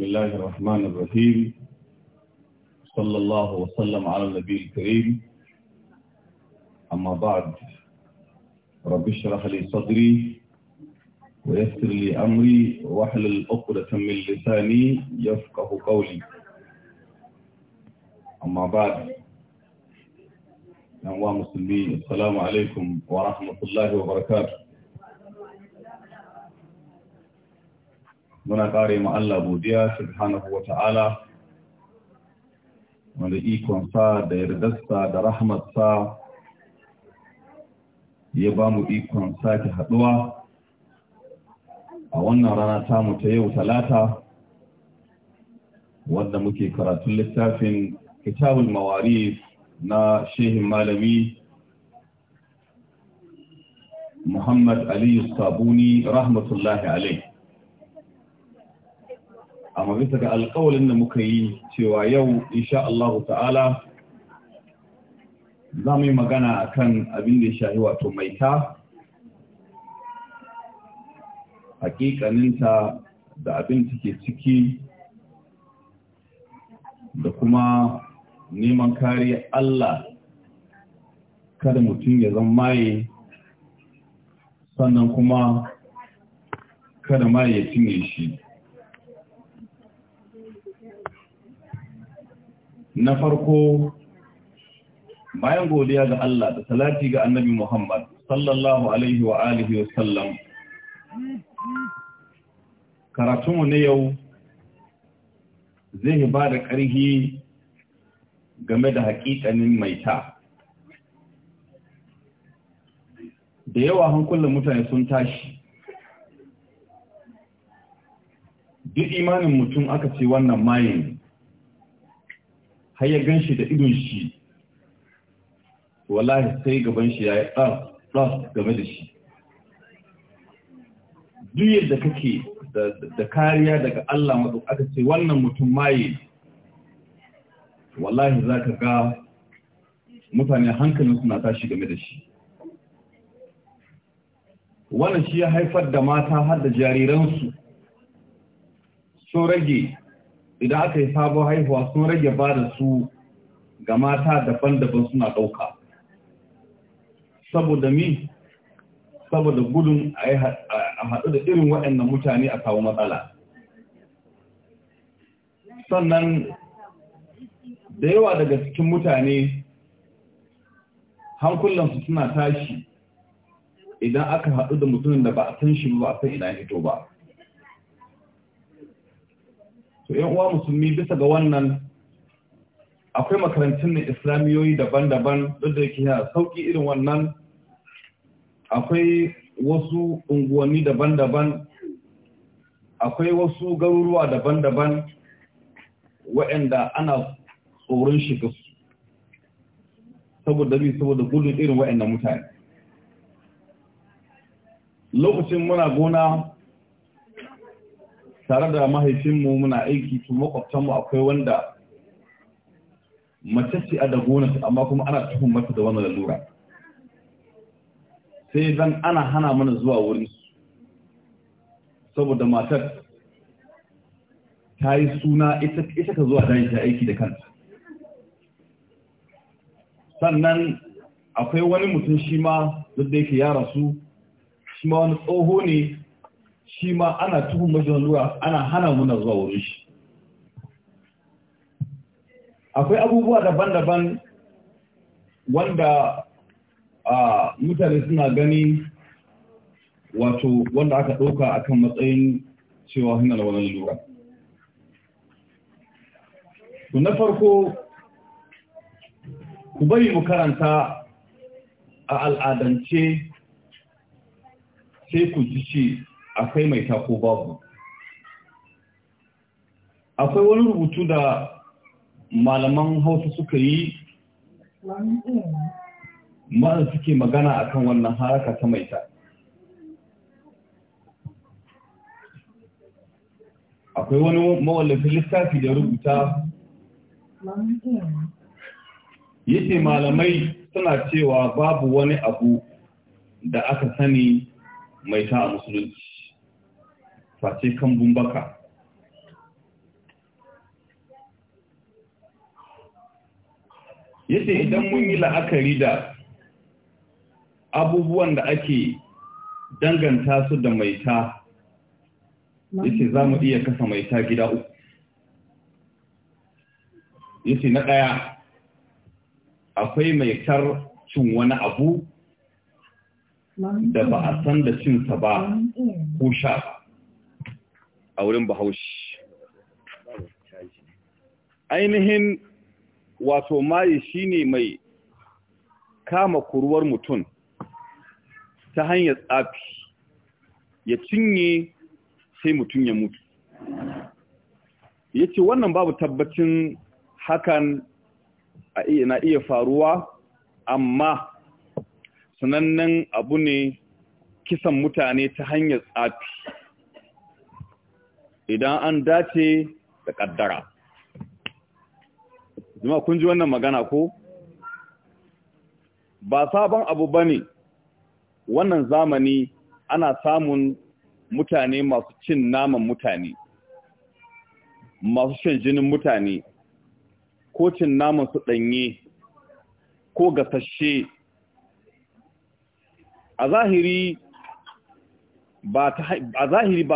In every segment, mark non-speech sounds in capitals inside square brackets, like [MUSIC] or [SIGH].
بسم الله الرحمن الرحيم صلى الله وسلم على النبي الكريم أما بعد رب اشرح لي صدري ويسر لي أمري واحلل عقدة من لساني يفقه قولي أما بعد أنواع مسلمين السلام عليكم ورحمة الله وبركاته muna ƙare ma Allah godiya subhanahu wata'ala wanda ikon sa da yardarsa da rahmatsa ya ba mu ikon sake haɗuwa a wannan rana tamu ta yau talata wadda muke karatun littafin kitabul mawari na shehin malami Muhammad Ali Sabuni rahmatullahi alaihi amma bisa ga alƙawalin da muka yi cewa yau insha Allah ta'ala za mu yi magana a kan abin da ya shahi wato maita haƙiƙaninta da abin take ciki da kuma neman kariya Allah kada mutum ya zan maye sannan kuma kada maye ya cinye shi na farko bayan godiya ga Allah da salati ga annabi Muhammad sallallahu alaihi wa alihi wa sallam karatunmu na yau zai ba da ƙarfi game da haƙiƙanin ta. da yawa hankulan mutane sun tashi duk imanin mutum aka ce wannan mayin har ya gan shi da idon shi wallahi sai gaban shi ya yi ɗas game da shi duk yadda kake da kariya daga Allah maɗu aka ce wannan mutum maye wallahi za ka ga mutane hankalin suna tashi game da shi wannan shi ya haifar da mata har da jariransu sun rage idan aka yi sabon haihuwa sun rage ba da su ga mata daban-daban suna ɗauka saboda mi saboda gudun a haɗu da irin waɗannan mutane a kawo matsala sannan da yawa daga cikin mutane hankulansu suna tashi idan aka haɗu da mutumin da ba a san shi ba a san ina ito ba to yan uwa musulmi bisa ga wannan akwai makarantun na islamiyoyi daban-daban duk da yake yana sauki irin wannan akwai wasu unguwanni daban-daban akwai wasu garuruwa daban-daban waɗanda ana tsoron shiga su saboda biyu saboda gudun irin waɗanda mutane lokacin muna gona tare da mahaifinmu muna aiki to makwabtanmu akwai wanda mace ce a da su, amma kuma ana tuhun mata da wani lalura sai zan ana hana mana zuwa wurin su saboda matar ta yi suna ita ka zuwa dan ta aiki da kanta sannan akwai wani mutum shima ma da yake ya rasu shi ma wani tsoho ne shi ma ana tuhun mashi zuwa ana hana muna zuwa wurin shi akwai abubuwa daban-daban wanda mutane suna gani wato wanda aka ɗauka akan matsayin cewa hannun da wani lura na farko ku bari mu karanta a al'adance sai ku ji ce akwai mai ko babu akwai wani rubutu da malaman hausa suka yi mara suke magana akan wannan haraka ta maita akwai wani mawallafin lissafi da rubuta yake malamai suna cewa babu wani abu da aka sani mai ta a musulunci face kambun baka yace idan mun yi la'akari da abubuwan da ake danganta su da maita yace za mu iya kasa maita gida uku yace na ɗaya akwai maitar cin wani abu da ba a san da cinsa ba ko sha ba a wurin bahaushe ainihin wato maye shine mai kama kuruwar mutum ta hanyar tsafi ya cinye sai mutum ya mutu ya ce wannan babu tabbacin hakan na iya faruwa amma sanannen abu ne kisan mutane ta hanyar tsafi idan an dace da ƙaddara, Zuma kun ji wannan magana ko ba sabon abu ba ne wannan zamani ana samun mutane masu cin naman mutane masu shan jinin mutane ko cin naman su ɗanye, ko gasashe a zahiri ba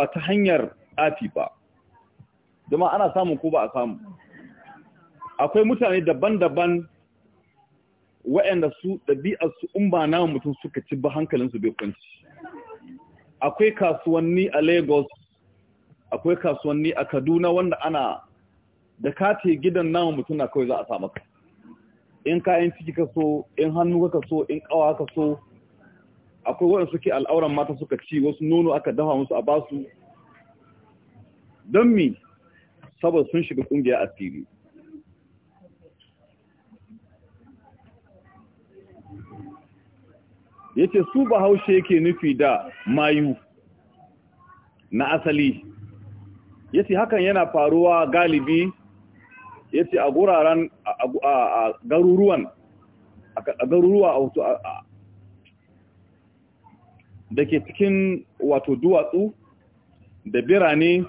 ta hanyar tsafi ba zama ana samun ko ba a samu akwai mutane daban-daban waɗanda su su in ba na mutum suka ci ba hankalinsu bai kwanci akwai kasuwanni a lagos akwai kasuwanni a kaduna wanda ana da kate gidan namun mutum na kawai za a samu ka in kayan ciki ka so in hannu ka so in kawa ka so akwai waɗanda suke al'auran mata suka ci wasu nono aka dafa musu a basu don mi saboda sun shiga kungiya asiri yace su bahaushe yake nufi da mayu na asali yace hakan yana faruwa galibi yace a guraren garuruwan a garuruwa a wato da ke cikin wato duwatsu da birane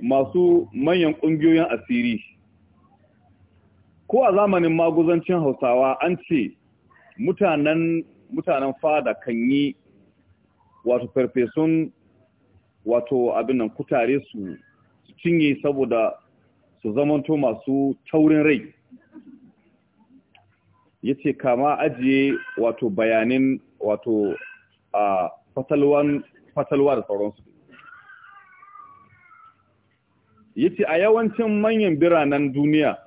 masu manyan ƙungiyoyin asiri ko a zamanin maguzancin hausawa an ce mutanen mutanen fada kan yi wato farfesun wato abinan kutare su cinye saboda su zamanto masu taurin rai ya ce kama ajiye wato bayanin wato a fatalwa da sauransu yace a yawancin manyan biranen duniya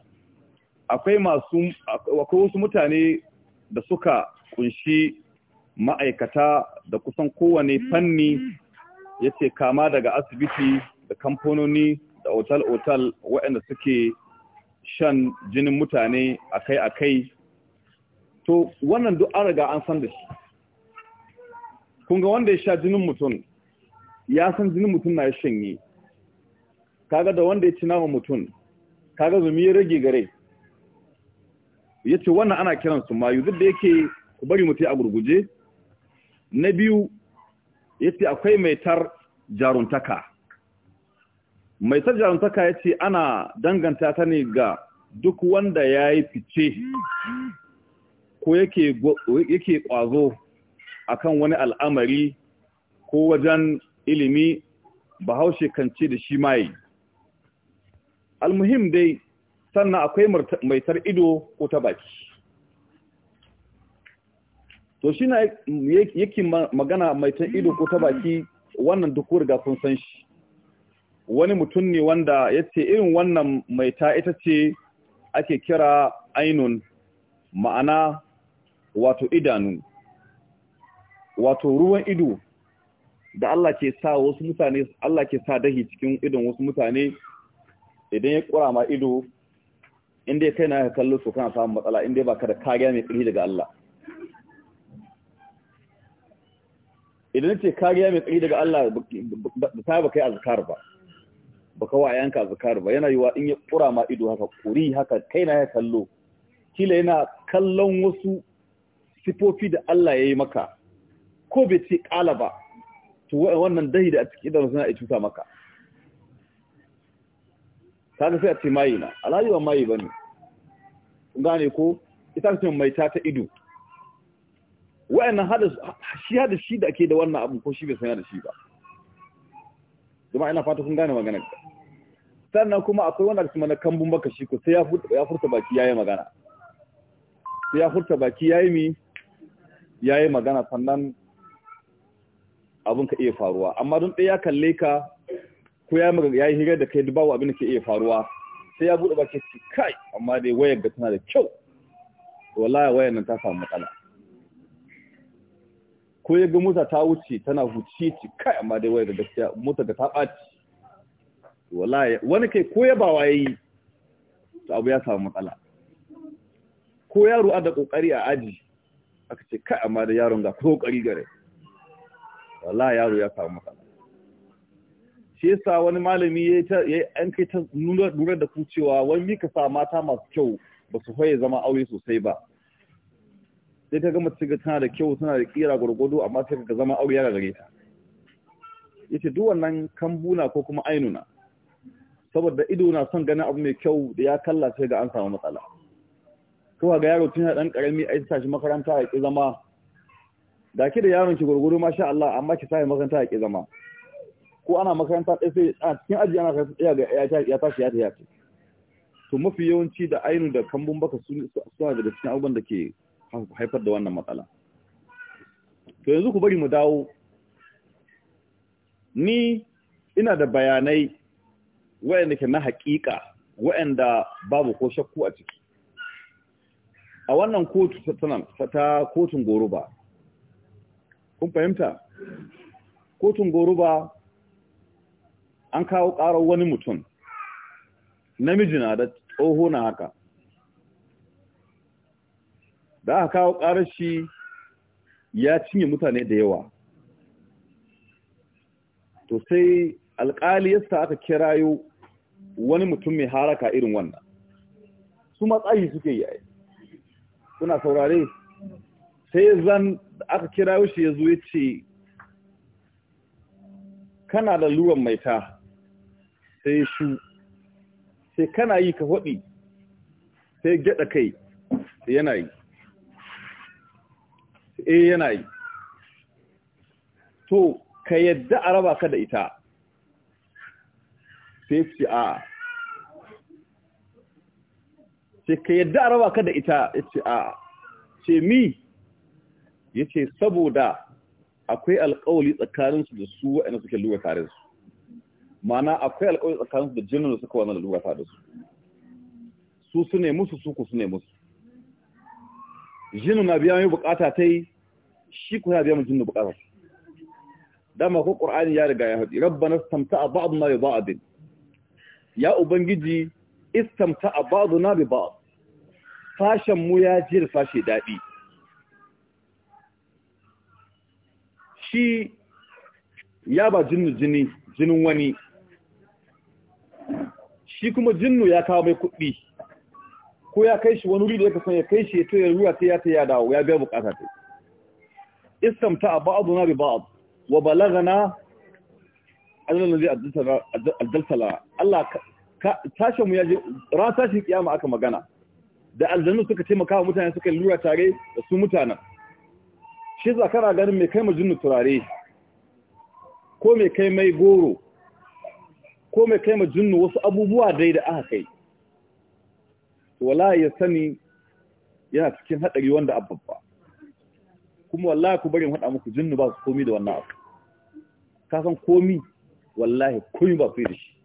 akwai masu akwai wasu mutane da suka kunshi ma'aikata da kusan kowane fanni yace kama daga asibiti da kamfanoni da otal-otal waɗanda suke shan jinin mutane akai-akai to wannan duk an riga an san da shi kunga wanda ya sha jinin mutum ya san jinin mutum na ya shanye kaga da wanda ya ci nama mutum kaga zumi ya rage gare ya ce wannan ana kiransu mayu duk da yake ku bari mutum a gurguje na biyu ya ce akwai mai tar jaruntaka mai tar jaruntaka ya ce ana danganta ta ne ga duk wanda ya yi fice ko yake kwazo akan wani al'amari ko wajen ilimi bahaushe kan ce da shi mai almuhim dai sannan akwai maitar ido ko ta baki to shi na yake magana maitar ido ko ta baki wannan duk riga sun san shi wani mutum ne wanda ya ce irin wannan maita ita ce ake kira ainun ma'ana wato idanu wato ruwan ido da Allah ke sa wasu mutane Allah ke sa dahi cikin idon wasu mutane idan ya kura ma ido inda ya kai na ka kallo su kana samun matsala inda ba ka da kariya mai tsiri daga Allah idan ce kariya mai tsiri daga Allah da ta ba kai azkar ba ba kawa yanka azkar ba yana yiwa in ya kura ma ido haka kuri haka kai na ya kallo kila yana kallon wasu sifofi da Allah ya yi maka ko bai ce kala ba to wannan dahi da a cikin idan suna ya cuta maka kaga sai a ce mai na a ba mai ba ne gane ko ita ce mai ta ta ido wa'annan hada shi hada shi da ake da wannan abu ko shi bai sanya da shi ba zama ina fata kun gane magana sannan kuma akwai wanda kuma na kambun baka shi ko sai ya furta baki yayi magana sai ya furta baki yayi mi yayi magana sannan abun ka iya faruwa amma don ɗaya kalle ka ko ya maka ya yi hira da kai babu abin da ke iya faruwa sai ya bude baki ce kai amma dai wayar da tana da kyau wallahi wayar nan ta samu matsala ko ya ga mota ta wuce tana huce ce kai amma dai wayar da gaskiya mota da ta ɓaci. wallahi wani kai ko ya ba waye to abu ya samu matsala ko yaro a da kokari a aji aka ce kai amma da yaron ga kokari gare wallahi yaro ya samu matsala shi yasa wani malami ya yi an kai ta nuna da ku cewa wani mika sa mata masu kyau ba su hoye zama aure sosai ba sai ta gama cika tana da kyau tana da kira gwargwado amma sai ka zama aure yana gare ta Ya ce duk wannan kambuna ko kuma ainuna saboda ido na son ganin abu mai kyau da ya kalla sai ga an samu matsala kowa ga yaro tun dan karami a sa shi makaranta ya ki zama da ki da yaron ki gurguru masha Allah amma ki sai makaranta ya ki zama ko ana makaranta ɗaya sai a cikin aji ana ya tashi ya tafi to mafi yawanci da ainu da kambun baka suna daga cikin abubuwan da ke haifar da wannan matsala to yanzu ku bari mu dawo ni ina da bayanai wa'anda ke na haƙiƙa wa'anda babu ko shakku a ciki a wannan kotu ta kotun goruba kun fahimta kotun goruba an kawo ƙarar wani mutum namiji na da tsoho na haka da aka kawo ƙarar shi ya cinye mutane da yawa to sai alƙali yasa aka kirayo wani mutum mai haraka irin wannan su matsayi suke yi suna saurare sai zan aka kirayo shi ya zo ya ce kana da luwan maita sai shu sai kana yi ka hobi sai gada kai sai yana yi eh yana yi to ka yadda a raba ka da ita sai ce a sai ka yadda a raba ka da ita sai a ce mi ya ce saboda akwai alkawali tsakaninsu da su waɗanda suke luwa tarinsu ma'ana akwai alƙawari su da jinin da suka wannan lalura ta da su su su ne musu su ku su ne musu jinin na biya mai bukata ta yi shi ku ya biya mai jinin bukata dama ko ƙur'ani ya riga ya haɗi a istamta'a na bi ba'din ya ubangiji a istamta'a na bi ba'd sashen mu ya ji da sashe daɗi shi ya ba jinin jini jinin wani shi kuma jinnu ya kawo mai kuɗi ko ya kai shi wani wuri da ya kasan ya kai shi ya toye ruwa sai ya ta ya dawo ya biya bukata ta istamta a ba'adu na riba abu. wa na annan zai addaltala Allah tashi mu ya ji ran tashin kiyama aka magana da aljannu suka taimaka wa mutane suka yi lura tare da su mutanen shi zakara ganin mai kai ma jinnu turare ko mai kai mai goro ko mai kai ma jinnu wasu abubuwa dai da aka kai wallahi ya sani yana cikin hadari wanda abubba kuma wallahi ku bari mu hada muku jinnu ba su komi da wannan abu ka san komi wallahi komi ba su da shi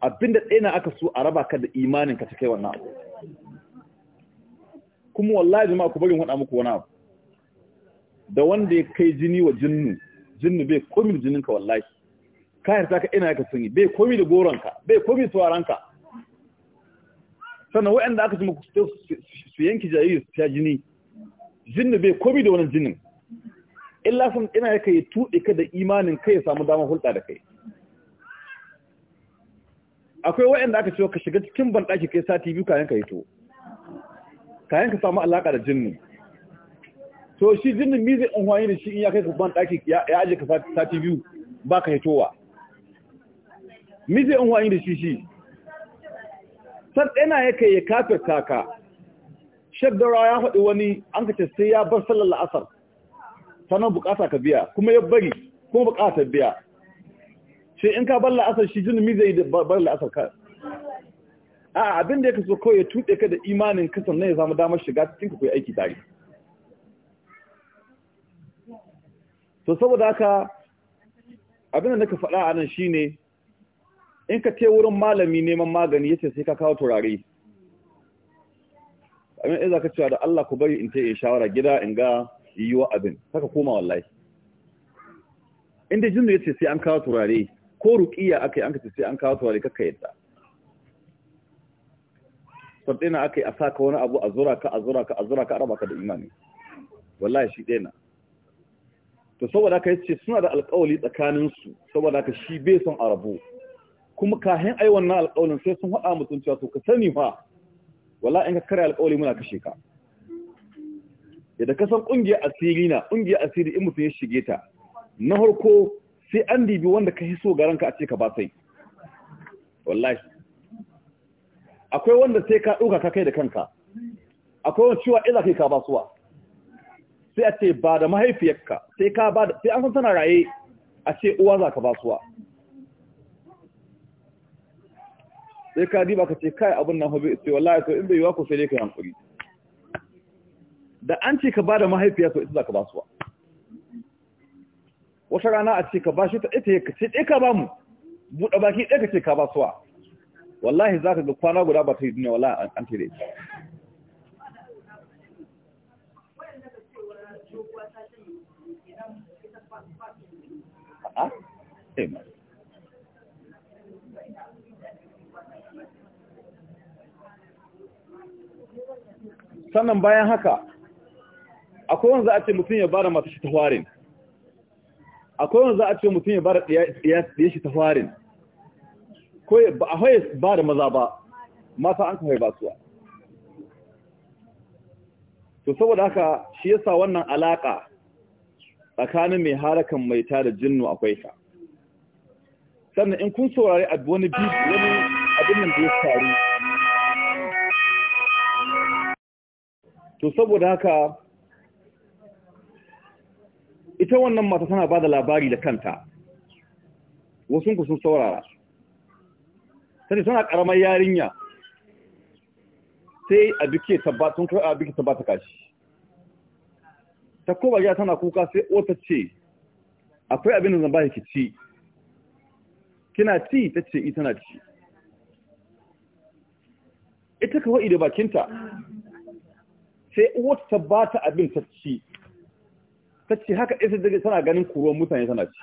abinda ɗaya na aka so a raba ka da imanin ka ta kai wannan abu kuma wallahi jama'a ku bari mu hada muku wannan abu da wanda ya kai jini wa jinnu jinnu bai komi da ka wallahi kayan ka ina ka sun bai komi da goronka bai komi tsawaranka sannan waɗanda aka jima su yanki jariri su ta jini jinni bai komi da wani jinin illa sun ina ya kai tuɗe ka da imanin kai ya samu damar hulɗa da kai akwai waɗanda aka cewa ka shiga cikin banɗaki kai sati biyu kayan ka yi to kayan ka samu alaƙa da jinin. to shi jinin mi zai unhwani da shi in ya kai ka banɗaki ya aje ka sati biyu ba ka towa. mi in wani da shi shi san ɗana ya kai ya kafir taka shagdara ya faɗi wani an kace sai ya bar sallar la'asar sannan bukata ka biya kuma ya bari kuma buƙatar biya shi in ka bar la'asar shi jini mi da bar la'asar ka a abin da ya kaso kawai ya tuɗe ka da imanin kasan na ya zama damar shiga cikin ka kai aiki tare to saboda haka abin da naka faɗa a nan shine in ka ce wurin malami neman magani yace sai ka kawo turare abin da zaka cewa da Allah ku bari in ta yi shawara gida in ga wa abin saka koma wallahi inda ya yace sai an kawo turare ko ruqiya akai an ka ce sai an kawo turare kakka yadda sardina akai a saka wani abu a zura ka a zura ka a zura ka araba ka da imani wallahi shi dena to saboda ka yace suna da alƙawali tsakaninsu saboda ka shi bai son arabu kuma kahin ai wannan alƙawarin sai sun haɗa mutum cewa to ka sani fa wala in ka kare alƙawari muna kashe ka Idan ka san ƙungiyar asiri na ƙungiyar asiri in mutum ya shige ta na harko sai an dibi wanda ka hiso garan ka a ce ka ba sai wallahi akwai wanda sai ka ɗauka ka kai da kanka akwai wani cewa ila kai ka ba suwa sai a ce ba da mahaifiyarka sai ka ba da sai an san tana raye a ce uwa za ka ba suwa sai ka diba ka ce kai abin nan hobi ce wallahi to in bai yiwa ko sai dai ka hankuri da an ce ka bada mahaifiya to ita zaka ba su wata rana a ce ka ba shi ta ita ka ce ka ba mu buɗe baki ɗaya ka ce ka ba su wallahi ka ga kwana guda ba ta yi duniya wallahi an tare ita a eh sannan bayan haka akwai wanda za a ce mutum ya bada mata shi ta warin akwai wanda za a ce mutum ya bada ɗaya shi ta warin ko ba a haye ba da maza ba mata an kawai basuwa to saboda haka shi yasa wannan alaka tsakanin mai harakan mai ta da jinnu akwai ka sannan in kun saurari wani abin da ya faru to saboda haka ita wannan mata tana ba da labari da kanta wasunku sun saurara sani suna karamar yarinya sai a kai a tabbata kashi ta ko bagiya tana kuka sai wata ce akwai abin da zan ba ki ci kina ci ta ce ita eh, na ci ita kawai da bakinta sai uwata ta ba ta abin ta ci ta ci haka isa daga tana ganin kuruwan mutane tana ci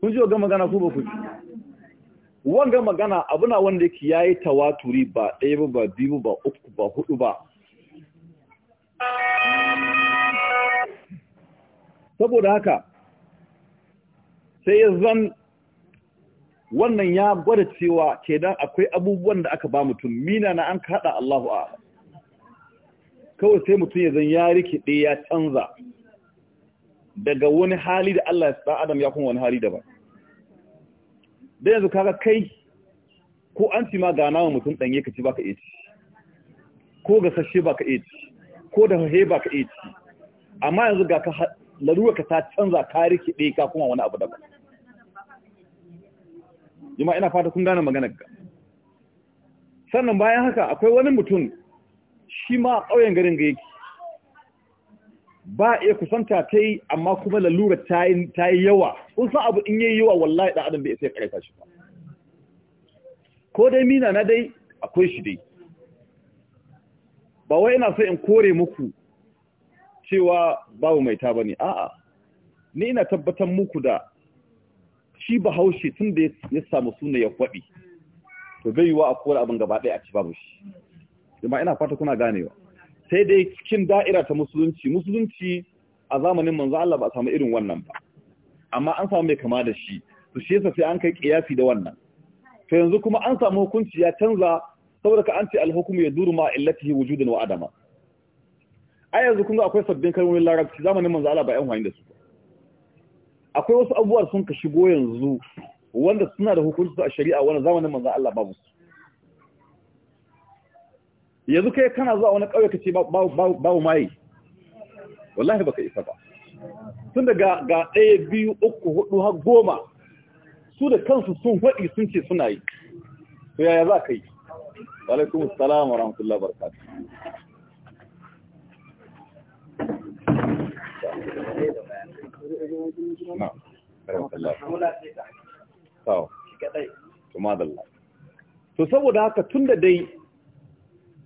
kun ji wa gama gana ku ba ku ji wanga magana abuna wanda yake yayi tawaturi ba ɗaya ba ba biyu ba uku ba hudu ba saboda haka sai ya zan wannan ya gwada cewa kenan akwai abubuwan da aka ba mutum mina na an kaɗa Allahu a kawai sai mutum ya zan ya rikide ya canza daga wani hali da Allah ya adam ya kuma wani hali daban da yanzu kaga kai ko an ci ma ga nawa mutum ɗanye ka ci baka ka ci ko ga sashe baka ka ci ko da hahe baka ka ci amma yanzu ga ka laruwa ka ta canza ka rikide ka kuma wani abu daban jama'a ina fata kun gane maganar ka sannan bayan haka akwai wani mutum shi ma ƙauyen garin ga yake ba iya kusanta ta yi amma kuma lalura ta yi yawa kun san abu in yi yawa wallahi da adam bai sai karanta shi ba ko dai mina na dai akwai shi dai ba wai ina so in kore muku cewa babu mai ta bane a'a ni ina tabbatar muku da shi bahaushe tun da ya samu suna ya kwaɗi to bai yiwa a kore abin gaba ɗaya a ci babu shi jama'a ina fata kuna ganewa sai dai cikin da'ira ta musulunci musulunci a zamanin manzo Allah ba a samu irin wannan ba amma an samu mai kama da shi to shi yasa sai an kai kiyasi da wannan to yanzu kuma an samu hukunci ya canza saboda ka an ce alhukum ya yaduru ma illatihi wujudan wa adama ai yanzu kun ga akwai sabbin kalmomin larabci zamanin manzo Allah ba yan wani da su akwai wasu abubuwa sun ka shigo yanzu wanda suna da hukunci a shari'a wannan zamanin manzo Allah babu su yanzu kai kana zuwa wani kauye kace babu mai wallahi baka isa ba tun daga ga ɗaya biyu uku hudu har goma su da kansu sun faɗi sun ce suna yi to yaya za ka yi alaikum assalam wa rahmatullahi barakatuh to saboda haka tun da dai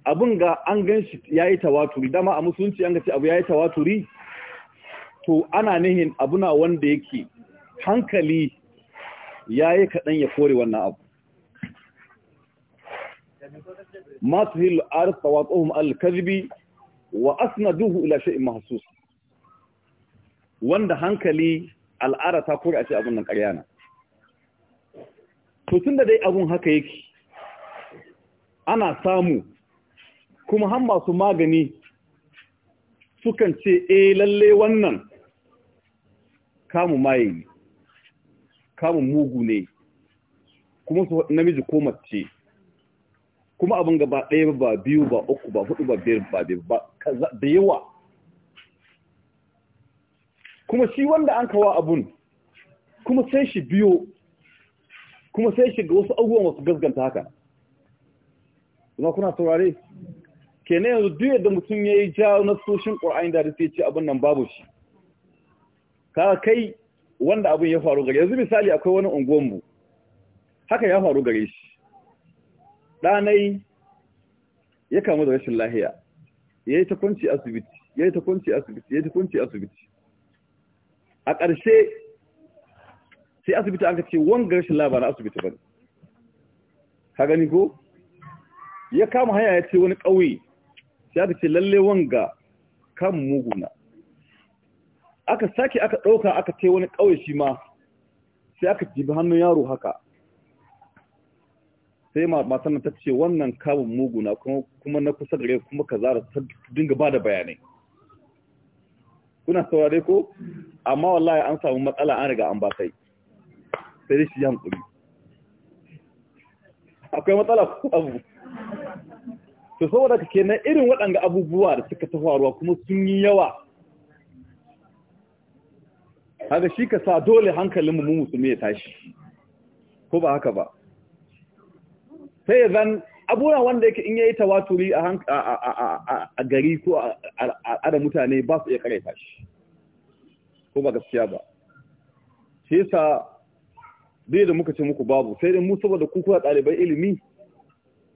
abin ga an gan shi ya yi tawaturi dama a musulunci an gaci abu ya yi tawaturi to ana nihin abuna wanda yake hankali ya yi kaɗan ya kore wannan abu masu hilu arif tawatsohun alkazibi wa asina duhu ila sha'in mahasus wanda hankali al'ada ta kore a ce abin nan ƙaryana to tun da dai abun haka yake ana samu kuma har masu magani sukan ce eh lalle wannan kamun maye ne kamun mugu ne kuma su namiji ko mace kuma abin gaba ɗaya ba biyu ba uku ba hudu ba biyar ba biyar ba da yawa kuma shi wanda an kawa abun kuma sai shi biyo kuma sai shi ga wasu abubuwan wasu gasganta haka zama kuna saurare kenan yanzu duk yadda mutum ya yi jawo na soshin ƙur'ani da sai ce abin nan babu shi ka kai wanda abin ya faru gare yanzu misali akwai wani unguwanmu haka ya faru gare shi ɗanai ya kamu da rashin lahiya ya yi ta kwanci asibiti ya yi ta asibiti ya yi ta asibiti a ƙarshe sai asibiti an ka ce wanga rashin lahiya ba na asibiti ba ka gani ko ya kama hanya ya ce wani ƙauye sai aka ce lalle wanga kan muguna aka sake aka ɗauka aka ce wani ƙauye shi ma sai aka jibi hannun yaro haka sai matan nan ta ce wannan kamun muguna kuma na kusa gare kuma ka zara ta dinga ba da bayanai kuna saurare ko amma wallahi an samu matsala an riga an ba sai sai dai shi ya hankuli akwai matsala ko abu to saboda ka kenan irin waɗanda abubuwa da suka ta faruwa kuma sun yi yawa haka shi ka sa dole hankalin mu musulmi ya tashi ko ba haka ba sai ya zan abubuwa wanda yake in yayi tawaturi a gari ko a al'adar mutane ba su iya kare tashi ko ba gaskiya ba shi yasa bai da muka ce muku babu sai dai mu saboda ku kuwa ɗalibai ilimi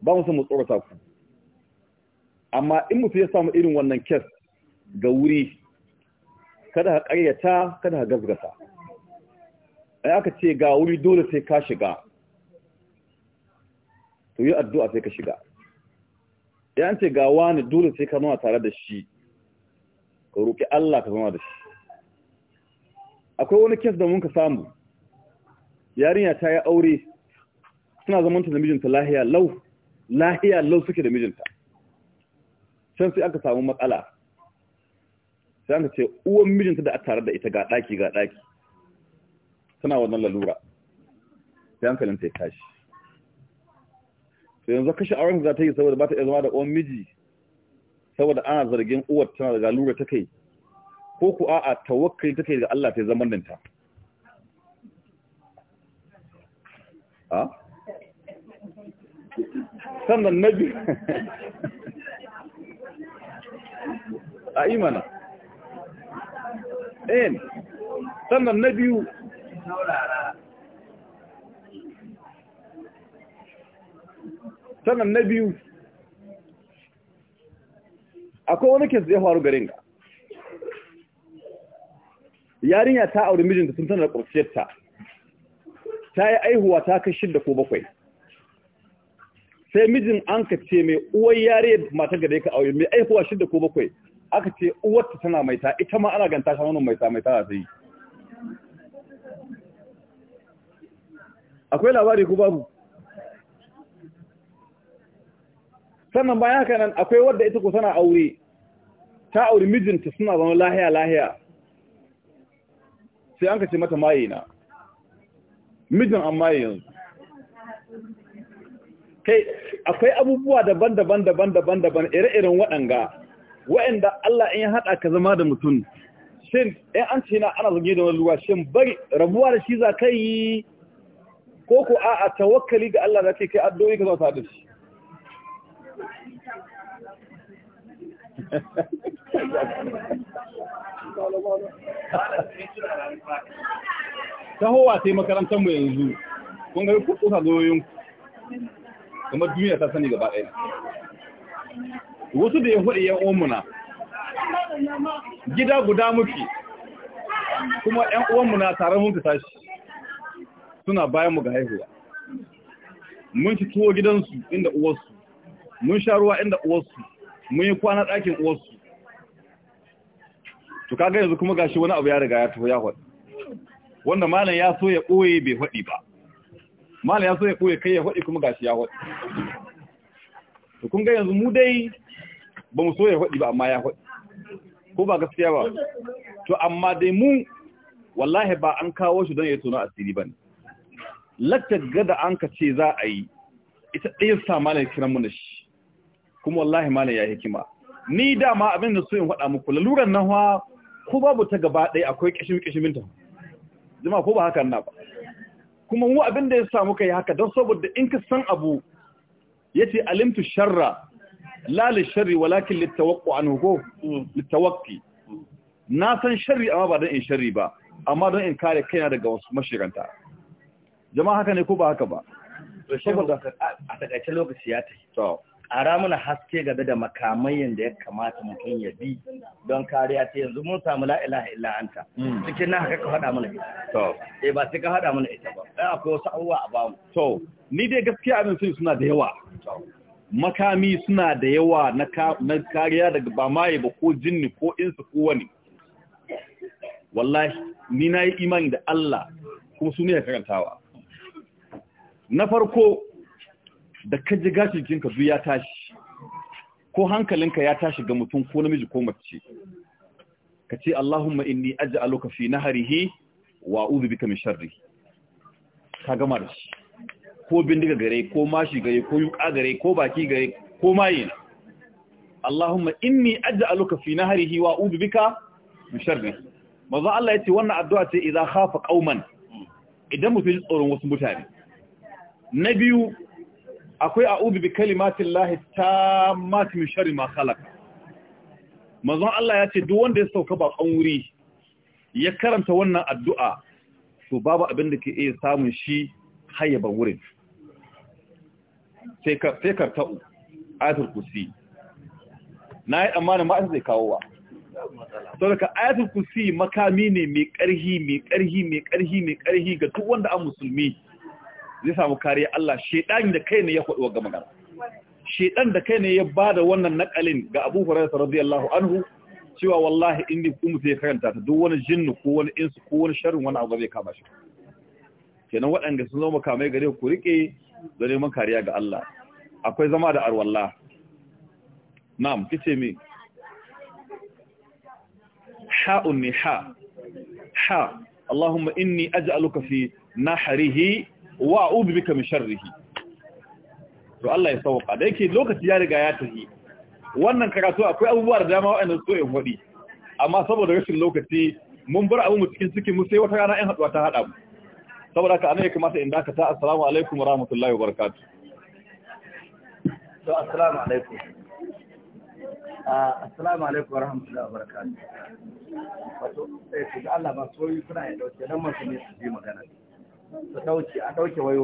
ba mu san mu tsorata ku amma in mutu ya samu irin wannan kes ga wuri kada ka ƙaryata kada ka gazgasa ai aka ce ga wuri dole sai ka shiga to yi addu'a sai ka shiga ya an ce ga wani dole sai ka zama tare da shi ka roƙi Allah ka zama da shi akwai wani kes da mun ka samu yarinya ta yi aure suna zamanta da mijinta lahiya lau lahiya lau suke da mijinta can sai aka samu matsala sai aka ce uwan mijinta da a tare da ita ga ɗaki ga ɗaki tana wannan lalura sai ta ya tashi sai yanzu kashe auren za ta yi saboda ba ta iya zama da uwan miji saboda ana zargin uwar tana da lura ta kai ko ku a'a tawakkali ta kai ga Allah ta zaman danta ah? sannan na biyu [LAUGHS] a imana ɗayan sannan na biyu sannan na biyu akwai wani kes da ya faru garin ka yarinya ta auri mijinta sun tana da ƙurciyarta ta yi aihuwa ta kai shidda ko bakwai sai mijin an ka ce mai uwar yare matar da ka aure mai aihuwa shida ko bakwai aka ce ta tana maita ita ma ana ganta ta wannan maita maita ta yi akwai labari ko babu sannan bayan haka nan akwai wadda ita ko tana aure ta aure mijinta suna zama lahiya lahiya sai an ka ce mata maye na mijin an maye yanzu kai akwai abubuwa daban-daban daban-daban daban ire-iren waɗanga waɗanda Allah in ya haɗa ka zama da mutum shin ɗan an ce na ana zage da wani ruwa shin bari rabuwa da shi za ka yi ko ko a'a tawakkali ga Allah za ka kai addu'o'i ka zauta da shi [LAUGHS] ta howa sai makarantar mu yanzu kun ga kusa zoyoyin kamar duniya ta sani gaba ɗaya wasu da ya huɗe yan omuna gida guda muke kuma yan omuna tare mun fita shi suna bayan mu ga haihuwa mun ci tuwo gidansu inda uwarsu mun sha ruwa inda uwarsu mun yi kwana ɗakin uwarsu to kaga yanzu kuma gashi wani abu ya riga ya tafi ya wanda malam ya so ya ɓoye bai haɗi ba mala ya so ya koya kai ya faɗi kuma gashi ya faɗi to kun ga yanzu mu dai ba mu so ya faɗi ba amma ya faɗi ko ba gaskiya ba to amma dai mu wallahi ba an kawo shi don ya tona asiri ba ne lattar gada an ka ce za a yi ita ɗaya sa malam ya kiran mu da shi kuma wallahi malam ya hikima ni dama abin da so in faɗa muku laluran nan ko babu ta gaba ɗaya akwai kishimin kishimin ta jama'a ko ba haka na ba kuma mu abin da ya samu kai haka don saboda in ka san abu yace alimtu sharra la li sharri walakin litawaqqu anhu ko mm. litawaqqi na san sharri amma ba don in sharri ba amma don in kare kaina daga wasu mashiganta jama'a haka ne ko ba haka ba saboda a takaice lokaci ya tafi ƙara mana haske game da makamai da ya kamata mutum ya bi don kariya ta yanzu mun samu la'ilaha illa anta hmm. cikin na haka ka haɗa mana ita eh ba sai ka haɗa mana ita ba ɗan akwai wasu abubuwa a bamu to ni dai gaskiya abin sun suna da yawa makami suna da yawa na kariya daga ba maye ba ko jinni ko insu ko wani wallahi ni na yi imani da Allah kuma su ne karantawa na farko da ka ji gashin jikinka duk ya tashi ko hankalinka ya tashi ga mutum ko namiji ko mace ka ce Allahumma inni aj'aluka fi naharihi wa a'udhu bika min sharri ka gama da shi ko bindiga gare ko mashi gare ko yuka gare ko baki gare ko maye Allahumma inni aj'aluka fi naharihi wa a'udhu bika min sharri Maza Allah yace wannan addu'a ce idan khafa qauman idan mutum ji tsoron wasu mutane na biyu akwai ubi bi kalimatin lahi tammati min sharri ma khalaqa manzon Allah ya ce duk wanda ya sauka ba wuri ya karanta wannan addu'a su babu abin da ke iya samun shi hayyaban wurin sai ta'u ayatul kursi na yi amma amana ma zai kawo wa saboda ayatul kursi makami ne mai ƙarhi mai ƙarhi mai ƙarhi mai ƙarhi ga duk wanda an musulmi zai samu kariya Allah shedan da kai ne ya faɗi wa magana shedan da kai ne ya bada wannan nakalin ga Abu Hurairah radiyallahu anhu cewa wallahi in ni kuma sai karanta ta duk wani jinnu ko wani insu ko wani sharrin wani abu zai kama shi kenan waɗanda sun zama makamai gare ku rike da neman kariya ga Allah akwai zama da arwalla na'am kice mi ha'un ni ha ha Allahumma inni aj'aluka fi nahrihi wa ubi bika min sharrihi to Allah ya sauka da yake lokaci ya riga ya tafi wannan karatu akwai abubuwa da dama wa'anda su in faɗi amma saboda rashin lokaci mun bar abun mu cikin cikin mu sai wata rana in haɗuwa ta haɗa mu saboda haka anan ya kamata in dakata assalamu alaikum wa rahmatullahi wa barakatuh to assalamu alaikum ah, assalamu alaikum wa rahmatullahi wa barakatuh wato sai ku ga Allah ba soyayya kuna ya dauke dan mun ne su ji magana 都去，都去玩。